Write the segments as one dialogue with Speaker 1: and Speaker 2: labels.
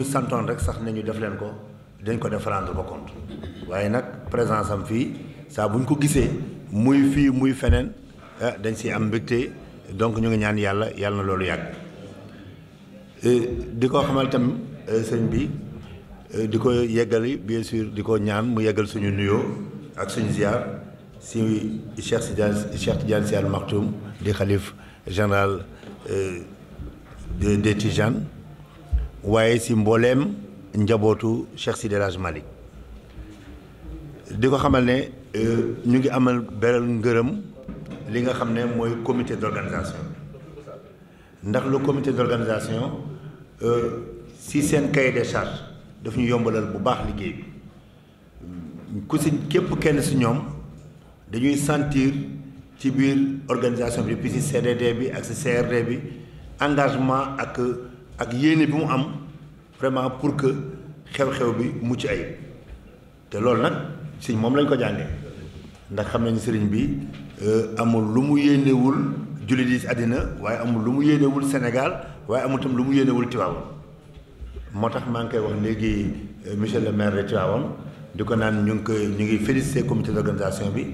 Speaker 1: ñu santoon rek sax nañu def leen ko dañ ko def rendre ko compte waaye nag présence am fii saa bu ko gisee muy fii muy feneen ah, dañ si am mbégte donc ñu ngi ñaan yàlla yàlla na loolu yàgg eh, di ko xamal tam eh, sëñ bi eh, di ko yeggali bien sûr di ko ñaan mu yeggal suñu nuyoo ak suñu ziar si Cheikh Tidiane Cheikh Tidiane Sy Al Maktoum di xalif général des Tidianes waaye si mbooleem njabootu Cheikh Sidi El Hadj di ko xamal ne euh, ñu ngi amal beral ngërëm li nga xam ne mooy comité d'organisation ndax le comité d'organisation euh, si seen cahier des charges daf ñu yombalal bu baax liggéey bi ku si képp kenn si ñoom dañuy sentir ci biir organisation bi depuis si CDD bi ak si CRD bi engagement ak ak yéene bi mu am vraiment pour que xew-xew bi mucc ayib te loolu nag sëñ moom lañ ko jàngee ndax xam nañ sëriñ bi euh, amul lu mu yéenewul jullit yi àddina waaye amul lu mu yéenewul Sénégal waaye amul tam lu mu yéenewul Tivaouane moo tax maa ngi koy wax léegi euh, monsieur le maire de Tivaouane di ko naan ñu ngi koy ñu ngi félicité comité d'organisation bi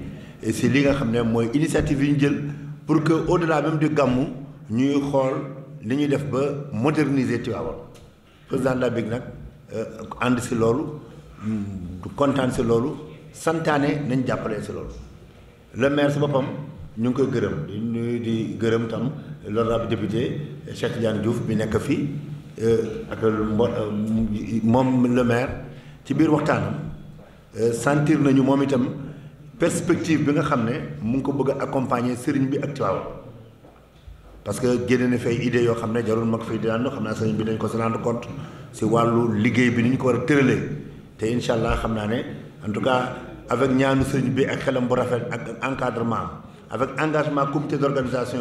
Speaker 1: si li nga xam ne mooy initiative yi ñu jël pour que au-delà même du gàmmu ñuy xool. ni ñuy def ba moderniser Tivaouane président de la nag euh, ànd si loolu du kontaan si loolu santaane nañ jàppale si loolu le maire si boppam ñu ngi koy gërëm di nuyu di gërëm tam l'honorable député Cheikh Tidiane Diouf bi nekk fii euh, ak mbo euh, moom le ci biir waxtaanam sentir nañu moom itam perspective bi nga xam ne mu ngi ko bëgg a accompagner sëriñ bi ak Tivaouane parce que génne na fi ay yoo xam ne jarul mag fii di ànd xam naa sëñ bi dañ ko si rendre compte si wàllu liggéey bi ni ñu ko war a tëralee te incha allah xam naa ne en tout cas avec ñaanu sëñ bi ak xelam bu rafet ak encadrement avec engagement comité d'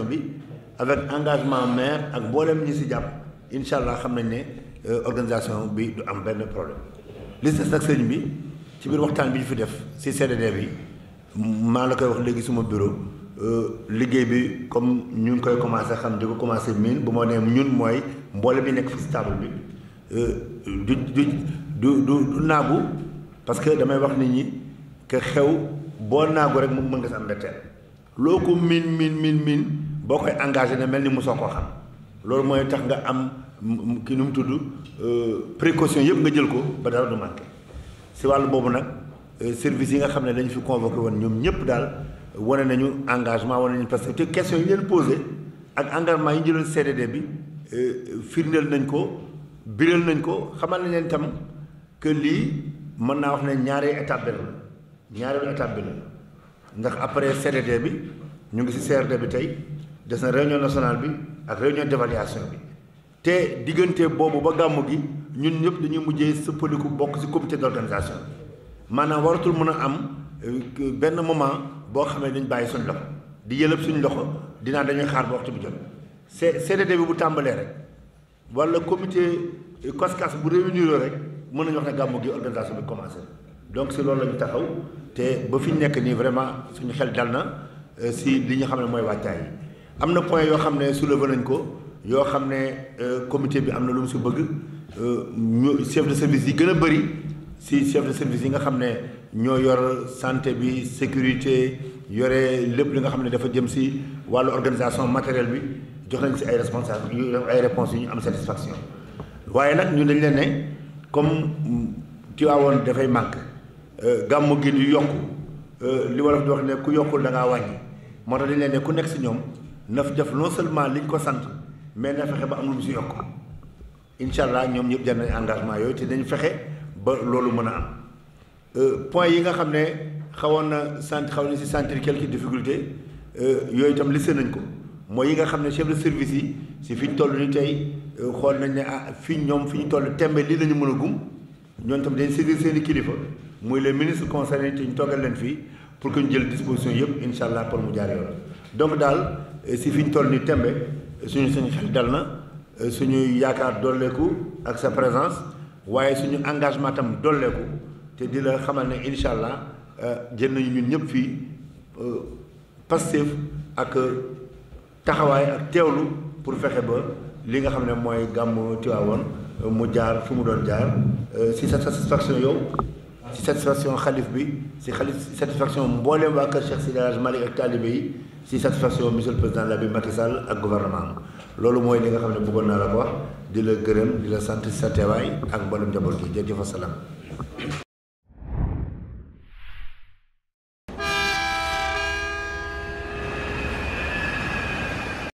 Speaker 1: bi avec engagement maire ak mboolem ñi si jàpp incha allah xam nañ ne euh, organisation bi du am benn problème li si des sëñ bi ci biir waxtaan bi ñu fi def si CDD bi maa la koy wax léegi suma bureau. Euh, liggéey bi comme ñu ngi koy commencé xam di ko commencé miin bu ma nee ñun mooy mboole bi nekk fi si table bi euh, du du du du naagu parce que damay wax nit ñi que xew boo naagu rek mu mën nga si am mbetteel loo ko miin miin miin miin boo koy engagé ne mel ni mosoo koo xam loolu mooy tax nga am ki nu mu tudd euh, précaution yëpp nga jël ko ba dara du manqué si wàllu boobu nag service yi nga xam ne dañ fi convoqué woon ñoom ñëpp daal wane nañu engagement wane nañu parce que te question yi leen posé ak engagement yi ñu jëloon bi euh, firndeel nañ ko biral nañ ko xamal na leen tam que lii mën naa wax ne ñaaree étape bi la ñaareelu étape bi la ndax après CDD bi ñu ngi si CRD bi tey des na réunion nationale bi ak réunion d'évaluation bi te diggante boobu ba gàmmu gi ñun ñëpp dañuy mujjee sëppaliku bokk si comité d'organisation bi maanaam waratul mën a am euh, benn moment boo xam ne dañ bàyyi suñ loxo di yëlëb suñ loxo dinaa dañuy xaar ba waxtu bi jot C CDD bi bu tàmbalee rek wala comité COSCAS bu réunir rek mën nañu wax ne gàmmu gi organisation bi commencé donc si loolu la taxaw te ba fi ñu nekk nii vraiment suñu xel dal na euh, si li ñu xam ne mooy waajtaay yi am na point yoo xam ne soulevé nañ ko yoo xam ne euh, comité bi am na lu mu si bëgg euh, ñu chef de service yi gën a bëri si chef de service yi nga xam ne ñoo yor santé bi sécurité yore lépp li nga xam ne dafa jëm si wàllu organisation matériel bi jox nañ si ay responsable ay réponses yu ñu am satisfaction waaye nag ñu dañ leen ne comme Tiwaawoon dafay manque euh, gàmmu gi di yokku euh, li wolof di wax ne ku yokkul da ngaa wàññi moo tax dañ leen ne ku nekk si ñoom na fi def non seulement liñ ko sant mais na fexe ba am lu mu si yokk incha allah ñoom ñëpp jël nañ engagement yooyu te dañ fexe ba loolu mën a am Euh, point yi nga xam ne xawoon na sant xaw na si sentir quelques difficultés euh, yooyu itam lissé nañ ko mooy yi nga xam ne chef de service yi si fi ñu toll ni tey euh, xool nañ ne ah fi ñoom fi ñu toll tembe lii la ñu mën a gum ñoom tam dañ saisir seeni kilifa muy les ministres concernés te ñu toogal leen fii pour que ñu jël disposition yëpp incha allah pour mu jaar yoon donc daal si fi ñu toll ni tembe suñu suñu xel dal na suñu yaakaar dolleeku ak sa présence waaye suñu engagement tam dolleeku te di la xamal ne incha allah euh, jël nañu ñun ñëpp fii euh, Pastef ak euh, taxawaay ak teewlu pour fexe ba li nga xam ne mooy gàmmu Tiwaawoon mu jaar fu mu doon jaar si satisfaction yow si satisfaction xalif bi si xalif si satisfaction mbooleem waa kër Cheikh Sidi Hadj Malick ak taalibe yi si satisfaction monsieur président la bi Macky Sall ak gouvernement loolu mooy li nga xam ne buggoon naa la ko di la gërëm di la sant si sa teewaay ak mboolem njaboot bi jërëjëf salaam